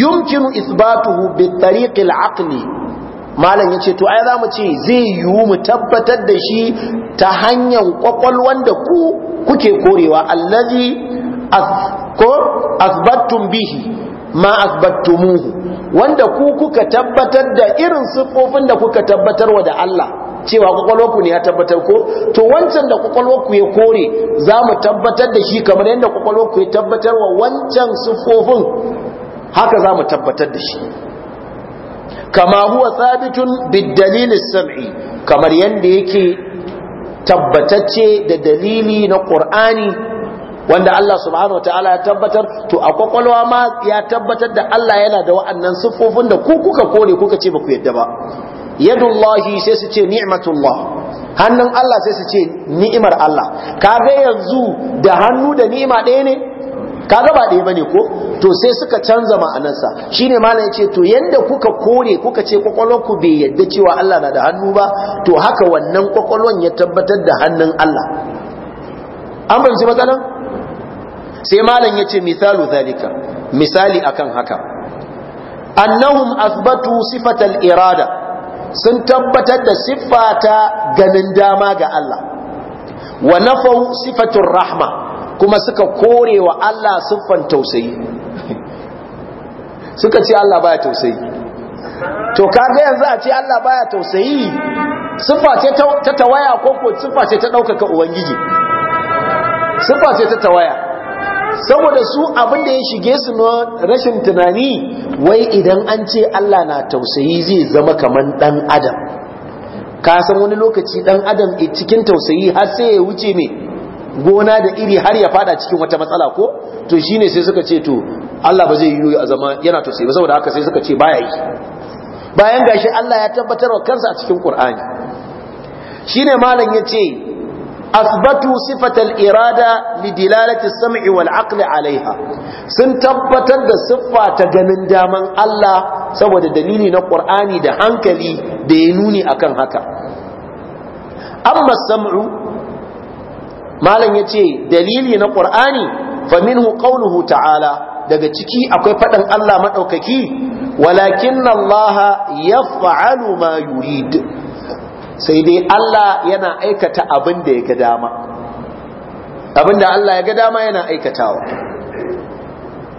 yumkinu isbatuhu bi tariqil aqli malam yace to ai mu ce zai yiwu mu tabbatar da shi ta hanyar kwakwalwan da ku kuke korewa allazi ko asbattum bihi ma asbattumuhu wanda ku kuka tabbatar da irin siffofin da kuka tabbatarwa da Allah cewa kwakwalwarku ne ya tabbatar ko to wancan da kwakwalwarku ya kore za mu tabbatar da shi kamar yadda kwakwalwarku ya tabbatar wa wancan siffofin haka za mu tabbatar da shi kama huwa sabitun biddalilin sam'i kamar yadda yake tabbatacce da dalili na ƙur'ani. wanda Allah subhanahu ta'ala ya tabbatar to a kwakwalwa ma ya tabbatar da Allah yana da wa'annan siffofin da ku kuka kore kuka ce ba ku yadda ba yadullahi sai su ce ni'matullah hannun Allah sai su ce ni'imar Allah Ka ga yanzu da hannu da ni'ima ɗaya ne Ka ga ba ɗaya bane ko to sai suka canza ma'anarsa shine malam yace to yanda kuka kore kuka ce kwakwalwar ku bai yadda cewa Allah na da hannu ba to haka wannan kwakwalwar ya tabbatar da hannun Allah an fahimci matsalan sai malam yace misalu zalika misali akan haka annahum asbatu al irada sun tabbatar da siffata ganin dama ga Allah wa nafau sifatu rahma kuma suka kore wa Allah siffan tausayi suka ce Allah baya tausayi to kaga yanzu a ce Allah baya tausayi siffa ce ta tawaya ko ko siffa ce ta daukaka ubangiji siffa ce ta tawaya saboda su abin da ya shige su na rashin tunani wai idan an ce Allah na tausayi zai zama kamar dan adam ka san wani lokaci dan adam cikin tausayi har sai ya wuce ne gona da iri har ya fada cikin wata matsala ko to shine sai suka ce to Allah ba zai yi a zama yana tausayi ba saboda haka sai suka ce baya yi bayan gashi Allah ya tabbatar wa kansa a cikin Qur'ani shine malam yace asbatu sifatal irada li dilalati sam'i wal aqli alaiha sun tabbatar da siffa ta ganin daman Allah saboda dalili na Qur'ani da hankali da ya nuni akan haka amma sam'u malam yace dalili na Qur'ani fa minhu qawluhu ta'ala daga ciki akwai fadan Allah madaukaki. walakinna Allah ya ma yurid sai dai Allah yana aikata abin da ya ga dama abin da Allah ya ga dama yana aikatawa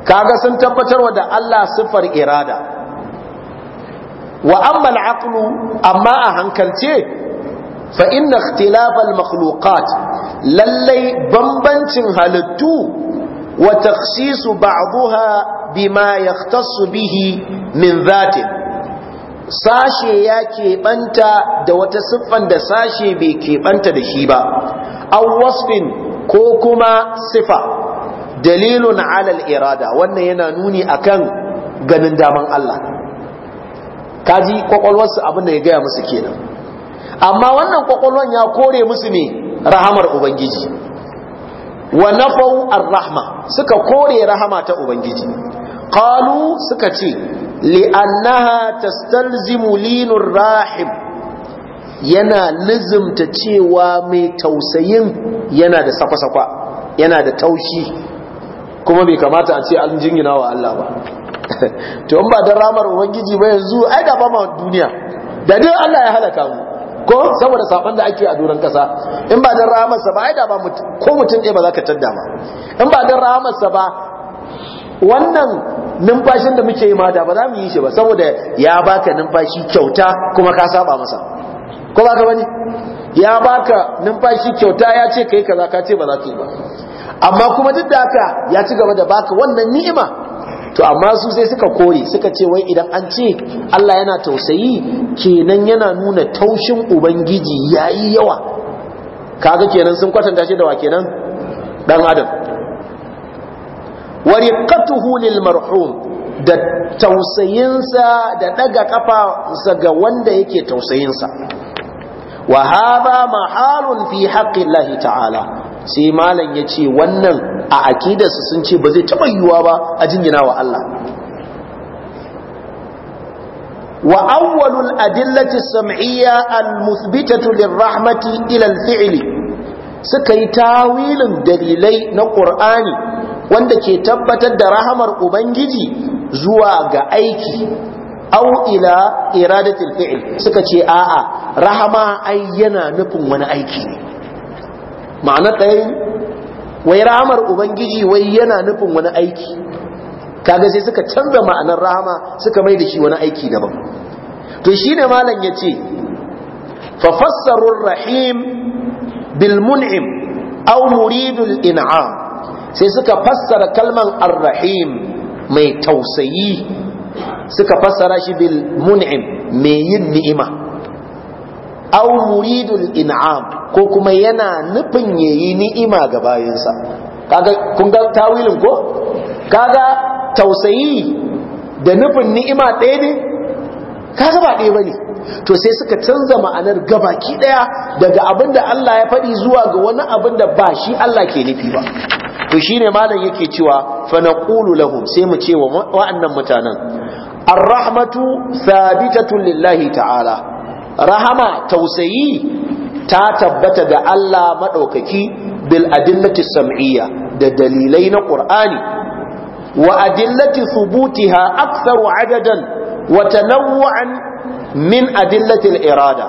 kaga sun tabbatarwa da Allah sifar irada wa amma al'aqlu amma a hankalce fa inna ikhtilaf al-makhluqat lallai bambancin halittu wa takhsisu ba'daha bima yahtassu bihi min dhatin sashe ya keɓanta da wata siffan da sashe bai keɓanta da shi ba an wasfin ko kuma sifa dalilun alal irada wannan yana nuni akan ganin daman Allah kaji kwakwalwarsu abin da ya gaya musu kenan amma wannan kwakwalwar ya kore musu ne rahamar ubangiji wa nafau ar-rahma suka kore rahama ta ubangiji qalu suka ce li'annaha tastalzimu linur rahim yana lizimta cewa mai tausayin yana da sakwa-sakwa yana da taushi kuma bai kamata a ce an jingina wa Allah ba to in ba da ramar wangiji ba yanzu ai da ba ma duniya da dai Allah ya halaka mu ko saboda saban da ake a doron kasa in ba ramar sa ba ai da ba ko mutum ɗaya ba za ka tadda ba in ba ramar sa ba wannan numfashin da muke yi mata ba za mu yi shi ba saboda ya baka numfashi kyauta kuma ka saba masa ko ba ka bane ya baka numfashi kyauta ya ce kai kaza ka ce ba za ka yi ba amma kuma duk da haka ya ci gaba da baka wannan ni'ima to amma su sai suka kore suka ce wai idan an ce Allah yana tausayi kenan yana nuna taushin ubangiji yayi yawa kaga kenan sun kwatanta shi da wa kenan dan adam wa riqatuhu lil marhum da tausayinsa da daga kafansa ga wanda yake tausayinsa wa hadha mahalun fi haqqi Allah ta'ala sai malam yace wannan a akidarsu sun ce ba zai taba yiwuwa ba a jingina wa Allah sam'iyya الأدلة lirrahmati المثبتة للرحمة suka yi tawilin dalilai na نقرآن wanda ke tabbatar da rahamar ubangiji zuwa ga aiki au ila iradatul fi'l suka ce a'a rahama ai yana nufin wani aiki ma'ana ɗaya wai rahamar ubangiji wai yana nufin wani aiki kaga sai suka canza ma'anar rahama suka mai da shi wani aiki daban to shine malam yace fa fassaru rahim bil mun'im aw muridul in'am sai suka fassara kalman ar-rahim mai tausayi suka fassara shi bil mun'im mai yin ni'ima aw muridul in'am ko kuma yana nufin yayi ni'ima ga bayansa kaga kun ga tawilin ko kaga tausayi da nufin ni'ima ɗaya ne kaga ba ɗaya bane to sai suka canza ma'anar gabaki ɗaya daga abinda Allah ya faɗi zuwa ga wani abin ba shi Allah ke nufi ba to shine malam yake cewa fa naqulu lahum sai mu ce wa wa'annan mutanen ar-rahmatu thabitatun lillahi ta'ala rahama tausayi ta tabbata ga Allah madaukaki bil adillati sam'iyya da dalilai na qur'ani wa adillati thubutiha aktharu adadan wa tanawwu'an min adillatil irada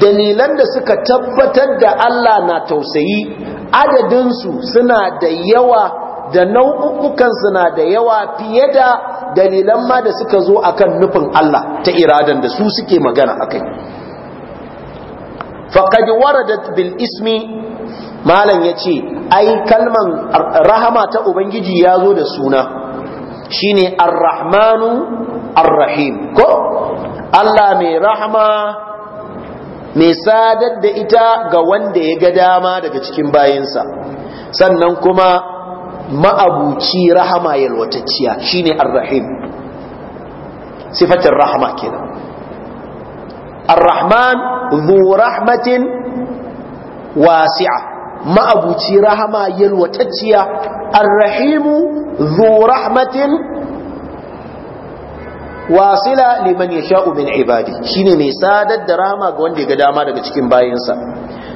dalilan da suka tabbatar da Allah na tausayi adadinsu suna da yawa da nau'ukukan suna da yawa fiye da dalilan ma da suka zo akan nufin Allah ta iradan da su suke magana akai faqad waradat bil ismi malam yace ai kalman rahama ta ubangiji yazo da suna shine arrahmanu arrahim ko Allah mai rahama mai sadar da ita ga wanda ya ga dama daga cikin bayinsa sannan kuma ma'abuci rahama yalwatacciya shine ar-rahim sifatin rahama kenan ar-rahman zu rahmatin wasi'a ma'abuci rahama yalwatacciya ar-rahimu zu rahmatin wasila liman sha min ibadi shine mai sadar da rama ga wanda ya ga dama daga cikin bayinsa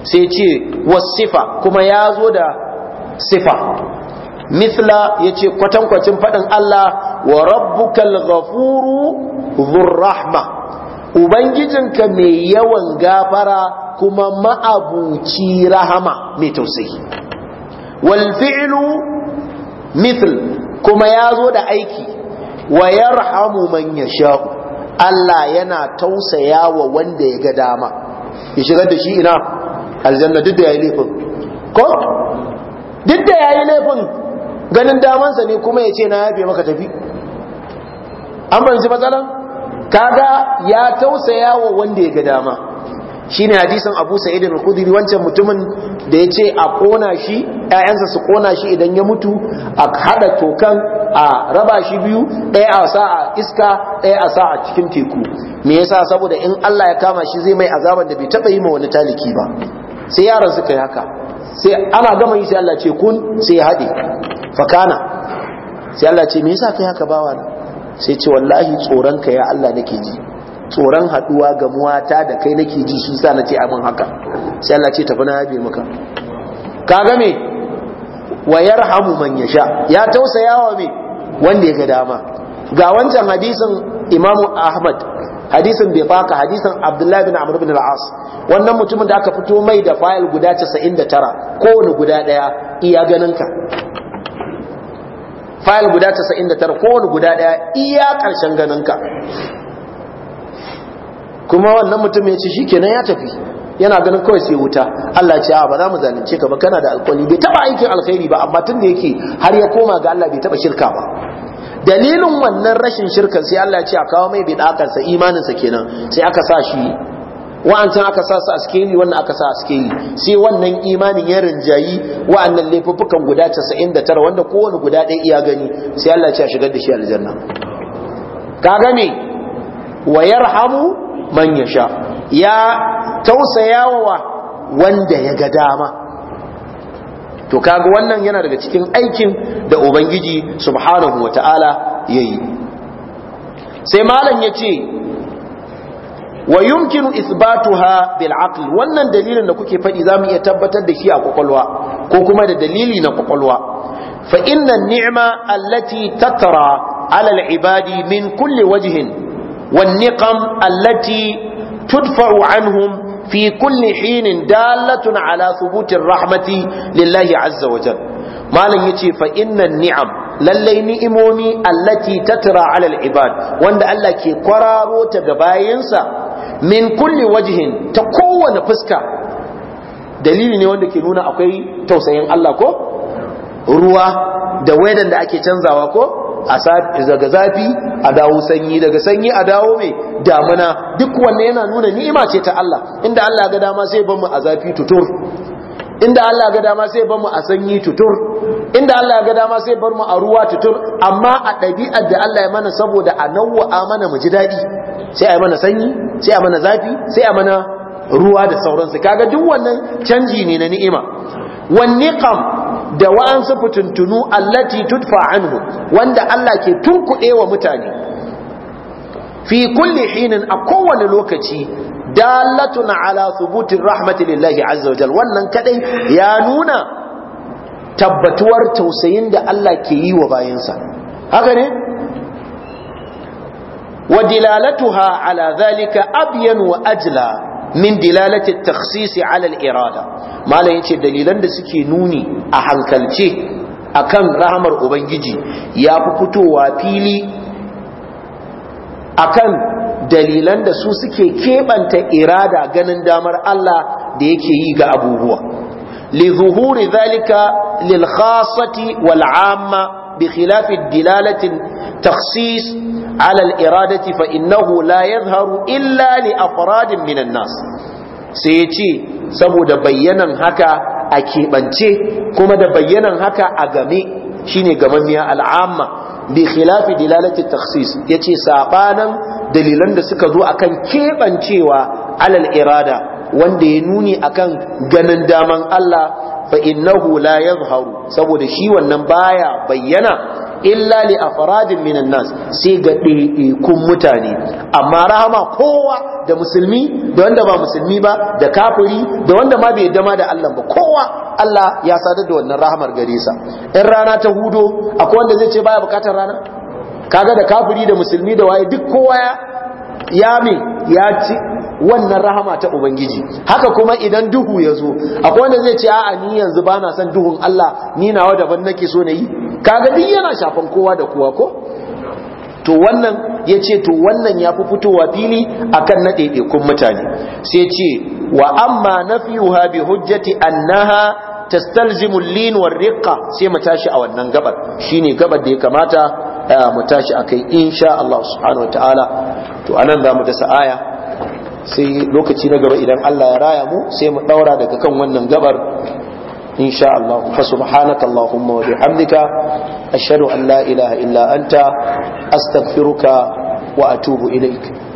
sai ce wasifa kuma ya zo da sifa mithla yace kwatankwacin faɗin Allah wa rabbukal ghafuru dhur rahma ubangijinka mai yawan gafara kuma ma'abuci rahama mai tausayi wal fi'lu mithl kuma ya zo da aiki wa yarhamu man yasha Allah yana tausaya wa wanda ya ga dama ya shigar da shi ina aljanna duk da yayi laifin ko duk da yayi laifin ganin damansa ne kuma ya ce na yafe maka tafi an shi matsalan kaga ya tausaya wa wanda ya ga dama Shi ne hadisan Abu Sa'id al-Khudri wancan mutumin da ya ce a kona shi 'ya'yansa su kona shi idan ya mutu a haɗa tokan a raba shi biyu ɗaya a sa a iska ɗaya a sa a cikin teku me yasa saboda in Allah ya kama shi zai mai azaban da bai taba yi ma wani taliki ba sai yaran suka yi haka sai ana gama yi sai Allah ce kun sai ya haɗe. fakana sai me yasa kai haka bawa sai ce wallahi tsoron ka ya Allah nake ji tsoron haduwa ga muwata da kai nake ji shi sa nace abin haka sai Allah ce tafi na yabe maka kaga me wa yarhamu man yasha ya tausaya wa me wanda ya ga dama ga wancan hadisin Imam Ahmad hadisin bai faka hadisin Abdullahi bin Amr bin al-As wannan mutumin da aka fito mai da fayil guda 99 kowane guda daya iya ganin ka fayil guda 99 kowane guda daya iya karshen ganin ka kuma wannan mutum ya ce kenan ya tafi yana ganin kawai sai wuta Allah ce a ba za mu zalunce ka ba kana da alƙali bai taba aikin alkhairi ba amma tun da yake har ya koma ga Allah bai taba shirka ba dalilin wannan rashin shirka sai Allah ce a kawo mai bid'akar sa imanin sa kenan sai aka sa shi wa'ancan aka sa su a wannan aka sa a sai wannan imanin ya rinjayi wa'annan laifuffukan guda 99 wanda kowane guda ɗaya iya gani sai Allah ce a shigar da shi aljanna ka gane wa yarhamu man ya sha ya tausayawa wanda ya ga dama to kaga wannan yana daga cikin aikin da ubangiji subhanahu wata'ala yayi sai malam yace wa yumkinu isbatuha bil aql wannan dalilin da kuke fadi zamu iya tabbatar da shi a kwakwalwa ko kuma da dalili na kwakwalwa fa inna ni'ma allati tattara ala al ibadi min kulli wajhin والنقم التي تدفع عنهم في كل حين دالة على ثبوت الرحمة لله عز وجل مالن يتي فإن ni'am lallai ni'imomi allati tatra alal ibad wanda Allah ke kwararo ta ga bayansa min kulli wajhin ta kowane fuska dalili ne wanda ke nuna akwai tausayin Allah ko ruwa da wedan ake canzawa ko daga zafi a dawo sanyi daga sanyi a dawo mai damuna duk wanne yana nuna ni'ima ce ta Allah inda Allah ga dama sai ban mu a zafi tutur inda Allah ga dama sai ban mu a sanyi tutur inda Allah ga dama sai bar mu a ruwa tutur amma a ɗabi'ar da Allah ya mana saboda a nawwa'a mana mu ji daɗi sai a mana sanyi sai a mana zafi sai a mana ruwa da sauransu kaga duk wannan canji ne na ni'ima wanne kam da wa'ansu fitintunu allati tudfa anhu wanda Allah ke tunkuɗe wa mutane fi kulli hinin a kowane lokaci dalatun ala thubutin rahmati lillahi azza wajal wannan kadai ya nuna tabbatuwar tausayin da Allah ke yi wa bayansa haka ne wa dilalatuha ala zalika abyan wa ajla min dilalati takhsisi ala al-irada malam yace dalilan da suke nuni a hankalce akan rahamar ubangiji ya fi fitowa fili akan dalilan da su suke keɓanta irada ganin damar Allah da yake yi ga abubuwa li zuhuri zalika lil khassati wal amma bi khilafi dilalatin takhsis ala al-iradati fa innahu la yadhharu illa li afradin minan nas sai yace saboda bayyanan haka a keɓance kuma da bayyanan haka a game shine gamammiya al'amma bi khilafi dilalati takhsis yace sabanan dalilan da suka zo a kan keɓancewa alal irada wanda ya nuni akan ganin daman Allah fa innahu la yadhharu saboda shi wannan baya bayyana illa li afradin minan nas sai ga ɗaiɗaikun mutane amma rahama kowa da musulmi da wanda ba musulmi ba da kafiri da wanda ma bai dama da Allah ba kowa Allah ya sadar da wannan rahamar gare sa in rana ta hudo akwai wanda zai ce baya bukatar rana kaga da kafiri da musulmi da waye duk kowa ya ya ya ci wannan rahama ta ubangiji haka kuma idan duhu ya zo akwai wanda zai ce a'a ni yanzu ba na son duhun Allah ni nawa daban nake so na yi kaga duk yana shafan kowa da kowa ko to wannan ya ce to wannan ya fi fitowa fili akan na ɗaiɗaikun mutane sai ce wa amma nafiyuha bi hujjati annaha tastalzimul lin war riqqa sai mu tashi a wannan gabar shine gabar da ya kamata eh, mu tashi akai insha Allah subhanahu wataala to anan zamu dasa aya sai lokaci na gaba idan Allah ya raya mu sai mu daura daga kan wannan gabar insha Allah fa subhanaka allahumma wa bihamdika ashhadu an la ilaha illa anta astaghfiruka wa atubu ilaik